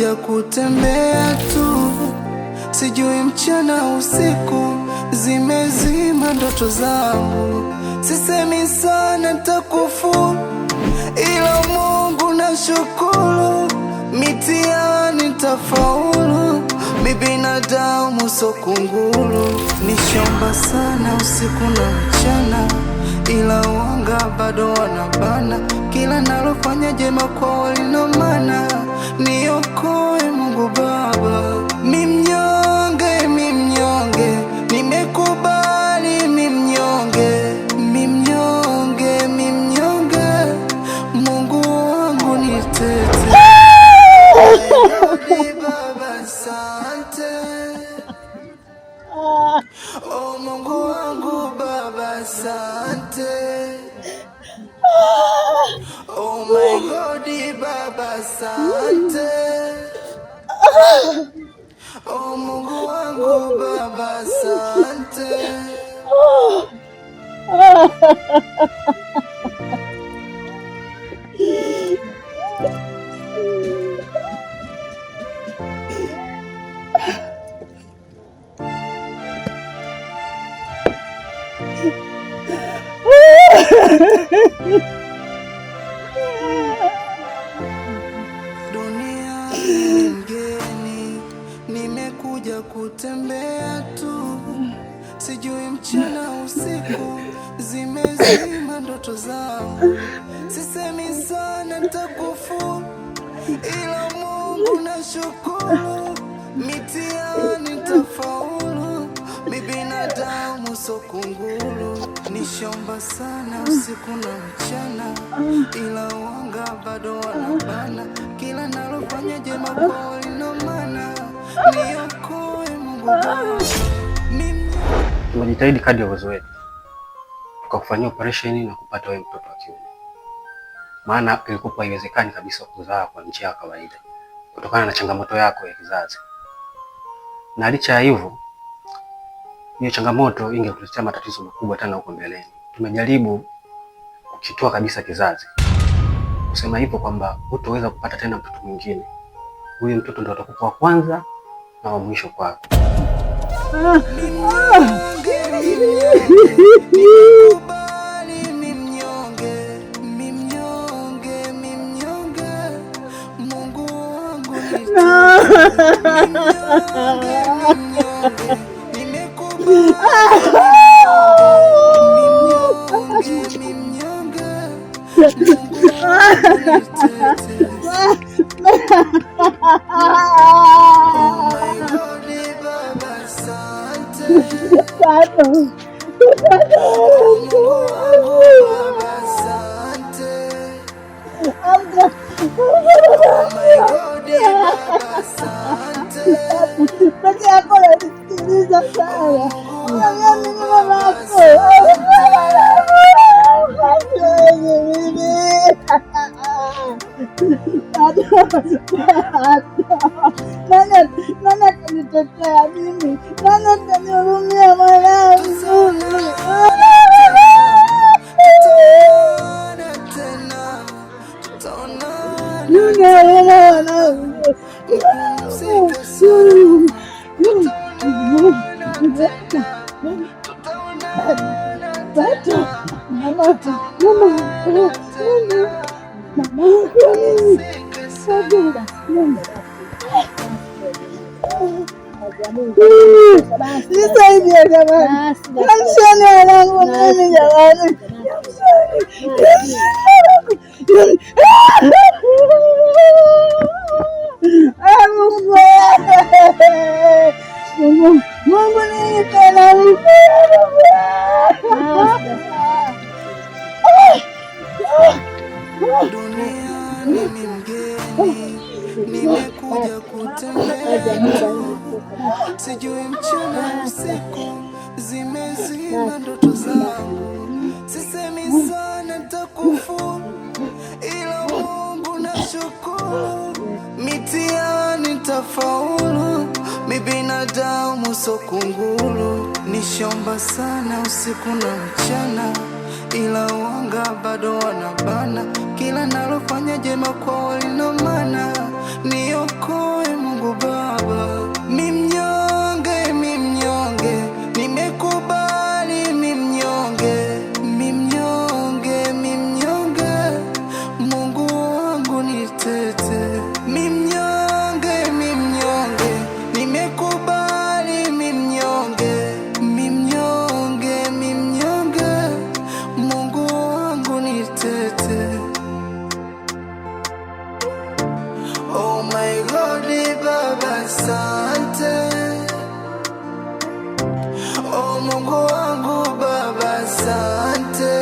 kuja kutembea tu, sijui mchana usiku, zimezima ndoto zangu. Sisemi sana takufu, ila Mungu na shukuru, mitihani tafaulu, mibinadamu sokunguru. Nishomba sana usiku na mchana, ila wanga bado wanabana, kila nalofanya jema kwa walino Asante Oh, Mungu wangu Baba, asante. kutembea tu, sijui mchana usiku, zimezima ndoto zangu. Sisemi sana takufu, ila Mungu na shukuru, mitihani tafaulu, mi binadamu sokunguru. Nishomba sana usiku na mchana, ila wanga bado wanabana, kila nalofanya jema kwa Tumejitahidi kadri ya uwezo wetu tukakufanyia operesheni na kupata wewe mtoto wa kiume, maana ilikuwa haiwezekani kabisa kuzaa kwa njia ya kawaida kutokana na changamoto yako ya kizazi. Na licha ya hivyo, hiyo changamoto ingekuletea matatizo makubwa tena huko mbeleni. Tumejaribu kukitoa kabisa kizazi, kusema hivyo kwamba hutoweza kupata tena mtoto mwingine. Huyu mtoto ndo atakuwa wa kwanza na wa mwisho kwako. Ah! datang. Bagi aku lagi tinggi saya. Jangan minum aku. Aduh, aduh, nanat, nanat kami ini, nanat kami rumia mana? nisaidie jamani, kamsheni wanangu mimi jamani. Mungu, Mungu nitena duniani ni mgeni nimekuja kutembea, sijui mchana usiku, zimezima ndoto zangu. Sisemi sana takufu ila Mungu nashukuru, mitihani nitafaulu, mi binadamu so kunguru. Nishomba sana usiku na mchana, ila wanga bado wanabana, kila nalofanya jema kwa walina maana niokoe Mungu Baba. Mungu wangu Baba, asante.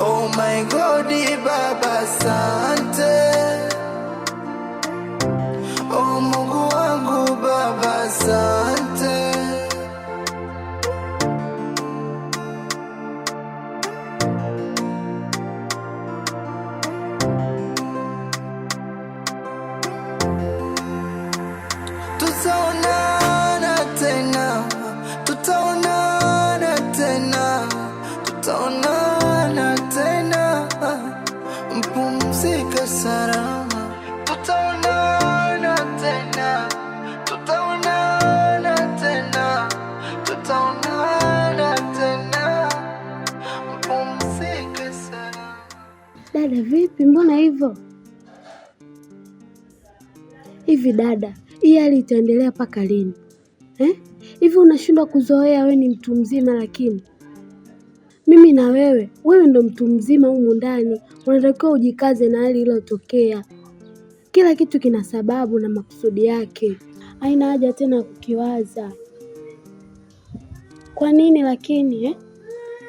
Oh my God, Baba, asante. vipi? Mbona hivyo hivi? Dada, hii hali itaendelea mpaka lini eh? hivi eh? Unashindwa kuzoea, we ni mtu mzima, lakini mimi na wewe, wewe ndo mtu mzima humu ndani, unatakiwa ujikaze na hali iliyotokea. Kila kitu kina sababu na makusudi yake, haina haja tena ya kukiwaza kwa nini lakini eh?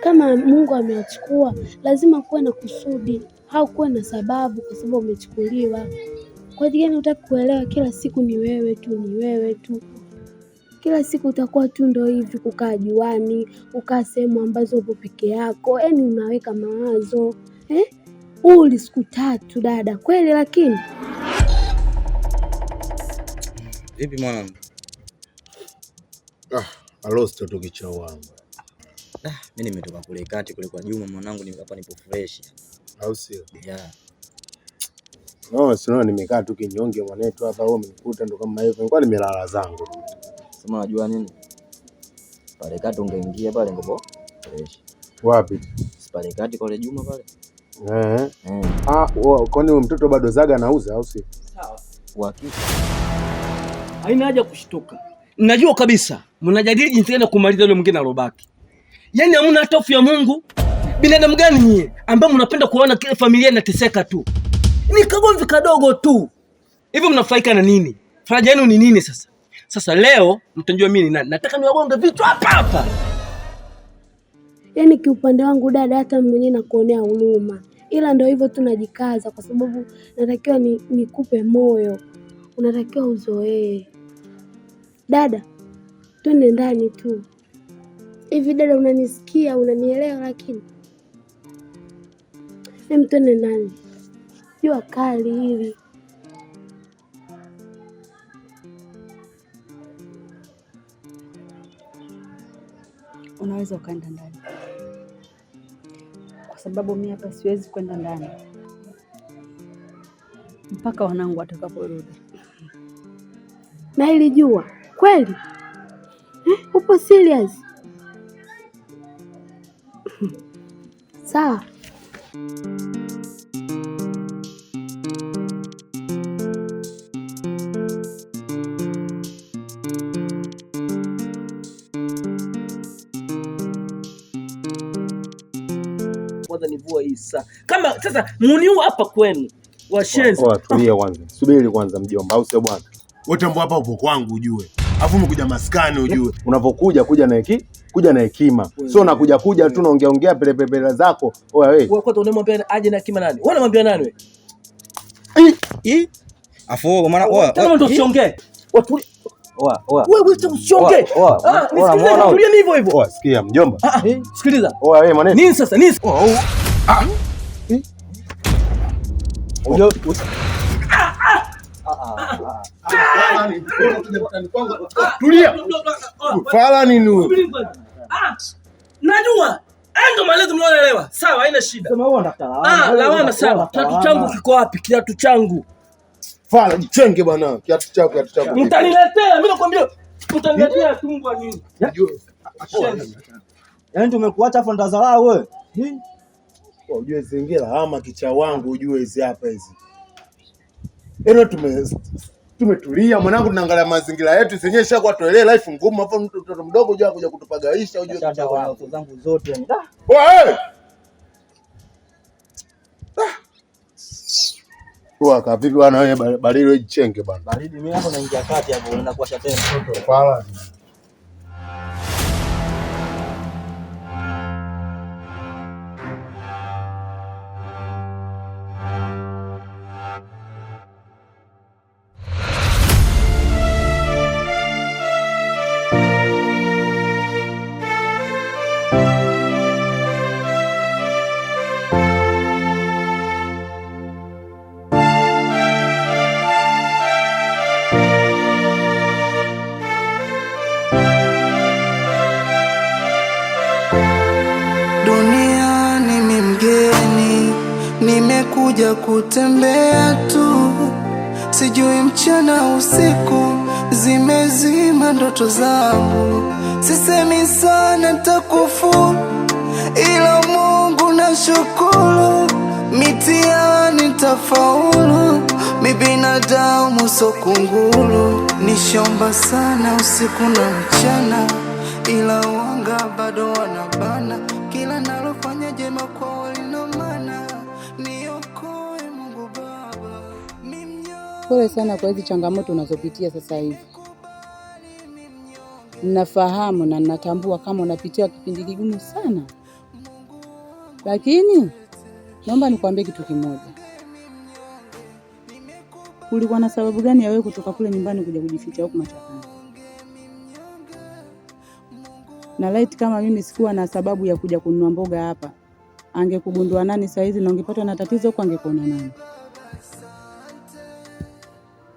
Kama Mungu amewachukua lazima kuwe na kusudi au kuwa na sababu kwa sababu umechukuliwa. Kwa ajili gani hutaki kuelewa? Kila siku ni wewe tu, ni wewe tu, kila siku utakuwa tu ndo hivi, kukaa juani, kukaa sehemu ambazo upo peke yako, yaani unaweka mawazo eh? Uli siku tatu dada, kweli lakini Vipi mwanangu? Ah, alosto tu wangu. Ah, mimi nimetoka kule kati kule kwa Juma mwanangu, nikapa nipo fresh au sio? Yeah. No, sio nimekaa tu kinyonge mwanetu hapa au mnikuta ndo kama hivyo. Nilikuwa nimelala zangu. Sema unajua nini? Pale kati ungeingia pale ngopo. Wapi? Pale kati kwa Juma pale. Eh. Eh. Ah, kwani mtoto bado zaga anauza au sio? Sawa. Uhakika. Haina haja kushtuka. Najua kabisa mnajadili jinsi gani kumaliza yule mwingine alobaki. Yaani hamna hofu ya Mungu. Binadamu gani nyie ambao mnapenda kuona kile familia inateseka tu? Ni kagomvi kadogo tu. Hivyo mnafaika na nini? Faraja yenu ni nini sasa? Sasa leo mtajua mimi ni nani. Nataka niwagonge vitu hapa hapa. Yaani kiupande wangu dada, hata mwenyewe nakuonea huruma, ila ndio hivyo tu, najikaza kwa sababu natakiwa nikupe ni moyo, unatakiwa uzoee. Dada, twende ndani tu hivi. Dada, unanisikia? Unanielewa? Lakini Emtwende ndani, jua kali hili. Unaweza ukaenda ndani, kwa sababu mi hapa siwezi kwenda ndani mpaka wanangu watakaporudi. Na hili jua kweli eh? Upo serious? Sawa. kwanza nivue hii saa. Kama sasa muniu hapa kwenu washenzi. Tulia kwanza, subiri kwanza mjomba, au sio bwana? Wote ambao hapa upo kwangu ujue, Alafu umekuja maskani ujue, eh, unapokuja kuja na hiki kuja na hekima, sio nakuja kuja tu naongea ongea pele pele zako. Oya wewe, wewe kwanza unamwambia aje na hekima nani? Wewe unamwambia nani wewe? Eh? Afu maana wewe, tena ndio usiongee. Watu Sikia mjomba. Ah, ah, sikiliza. Oa wewe maneno. Nini sasa? Nini? Ah. ah. Najua ndo maelezo mnaoelewa. Sawa, haina shida. Lawana sawa. Kiatu changu kiko wapi? Kiatu changu Fala jichenge bwana, kiatu chako kiatu chako. Mtaniletea mimi nakwambia, mtaniletea tungwa nini? Yaani tumekuacha afa ndazalao wewe. Kwa ujue zingila ama kicha wangu ujue hizi hapa hizi. Yaani tume tumetulia mwanangu, tunaangalia mazingira yetu senyewe shakuwa tuelee life ngumu hapo mtoto mdogo uje kuja kutupagaisha ujue kicha wangu zangu zote. Wewe! Poa kavidwa na bwana wewe? Baridi chenge bana. Baridi mimi hapo naingia kati hapo, unaenda kuwasha tena. Pala. kutembea tu, sijui mchana usiku, zimezima ndoto zangu. Sisemi sana takufu ila Mungu na shukuru, mitihani tafaulu, mibinadamu binadamu ni Nishomba sana usiku na mchana, ila wanga bado wanabana, kila nalofanya jema kwa Pole sana kwa hizi changamoto unazopitia sasa hivi. Ninafahamu na ninatambua kama unapitia kipindi kigumu sana, lakini naomba nikwambie kitu kimoja. Kulikuwa na sababu gani ya wewe kutoka kule nyumbani kuja kujificha huku machakani? Na laiti kama mimi sikuwa na sababu ya kuja kununua mboga hapa, angekugundua nani saa hizi? Na ungepatwa na tatizo huko, angekuona nani?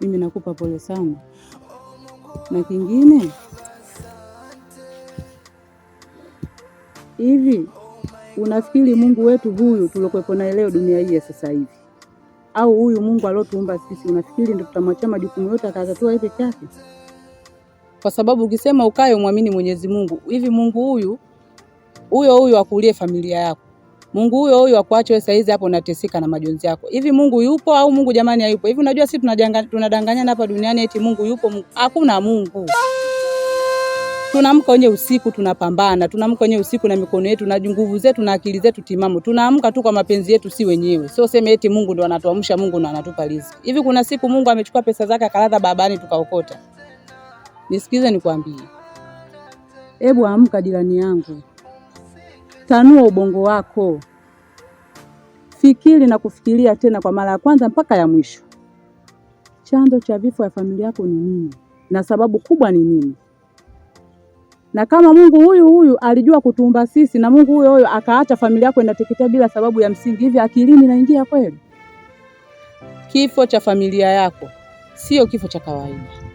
mimi nakupa pole sana, na kingine hivi unafikiri Mungu wetu huyu tuliokuwepo naye leo dunia hii ya sasa hivi, au huyu Mungu aliotuumba sisi, unafikiri ndio tutamwachia majukumu yote akatatua hivi chake? Kwa sababu ukisema ukae umwamini Mwenyezi Mungu, hivi Mungu huyu huyo huyo akulie familia yako, Mungu huyo huyo akuache wewe saizi hapo unateseka na majonzi yako. Hivi Mungu yupo au Mungu jamani hayupo? Hivi unajua sisi tunadanganyana hapa duniani eti Mungu yupo, Mungu. Hakuna Mungu. Tunaamka wenye usiku tunapambana, tunaamka wenye usiku na mikono yetu na nguvu zetu na akili zetu timamu. Tunaamka tu kwa mapenzi yetu si wenyewe. Sio sema eti Mungu ndo anatuamsha, Mungu ndo anatupa riziki. Hivi kuna siku Mungu amechukua pesa zake akaladha babani tukaokota? Nisikize nikwambie. Hebu amka jirani yangu. Tanua ubongo wako, fikiri na kufikiria tena kwa mara ya kwanza mpaka ya mwisho. Chanzo cha vifo ya familia yako ni nini na sababu kubwa ni nini? Na kama Mungu huyu huyu alijua kutuumba sisi na Mungu huyo huyo akaacha familia yako inateketea bila sababu ya msingi, hivi akilini naingia kweli? Kifo cha familia yako sio kifo cha kawaida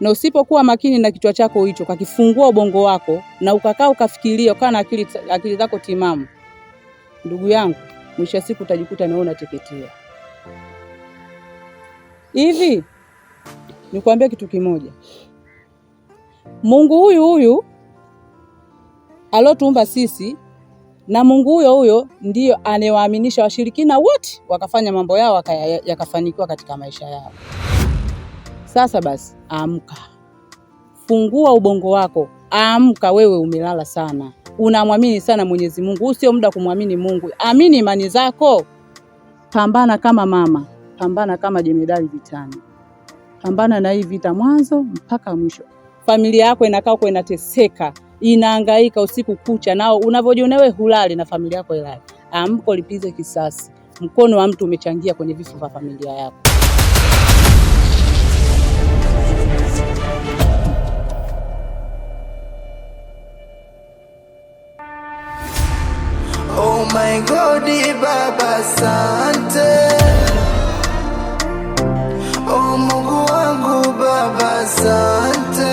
na usipokuwa makini na kichwa chako hicho kakifungua ubongo wako na ukakaa ukafikiria ukaa na akili, akili zako timamu, ndugu yangu, mwisho wa siku utajikuta nawe unateketea hivi. nikuambia kitu kimoja, Mungu huyu huyu aliotuumba sisi na Mungu huyo huyo ndiyo anayewaaminisha washirikina wote wakafanya mambo yao yakafanikiwa katika maisha yao. Sasa basi, amka, fungua ubongo wako, amka. Wewe umelala sana, unamwamini sana Mwenyezi Mungu. Huu sio muda kumwamini Mungu, amini imani zako. Pambana kama mama, pambana kama jemedali vitani, pambana na hii vita mwanzo mpaka mwisho. Familia yako inakaa huko inateseka, inahangaika usiku kucha, nao unavyojiona wewe hulali na familia yako ilali. Amko, lipize kisasi. Mkono wa mtu umechangia kwenye vifo vya familia yako. Oh my God, Baba sante. Oh Mungu wangu Baba sante.